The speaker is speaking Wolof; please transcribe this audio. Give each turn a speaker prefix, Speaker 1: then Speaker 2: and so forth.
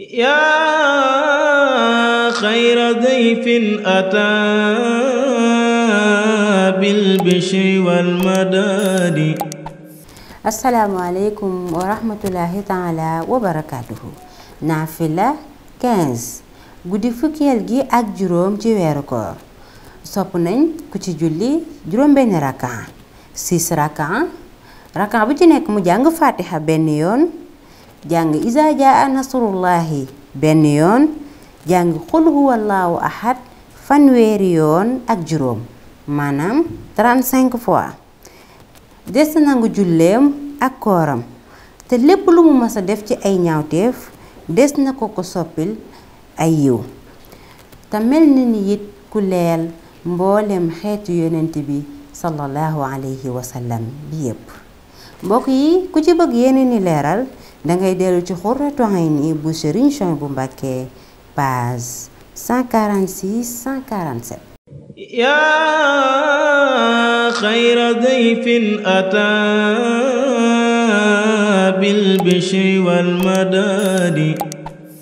Speaker 1: yaa xayra dayfin ataa bil bishri wal madaadi
Speaker 2: asalaamaaleykum wa rahmatulahi taala wa barakaatuhu naafila guddi fukkeel gi ak juróom ci weeru koor sopp nañ ku ci julli juróom benn rakan 6 rakan rakan bu ci nekk mu jàng fatiha benn yoon jàng izaa jaa nasrullahi benn yoon jàng xul huwallaahu ahad fanweeri yoon ak juróom maanaam 35 fois des nangu julleem ak kooram te lépp lu mu mës def ci ay ñaawteef des na ko ko soppil ay yiw te mel na ni it ku leel mboolem xeetu yonent bi sallallahu alayhi wa sallam bi yépp mbokk yi ku ci bëgg yeneen ni leeral dangay dellu ci xurratu ayni bu Serigne Souhaïbou Mbacké page 146 147
Speaker 1: yaa xayra dayfin ataa bil bishri wal madadi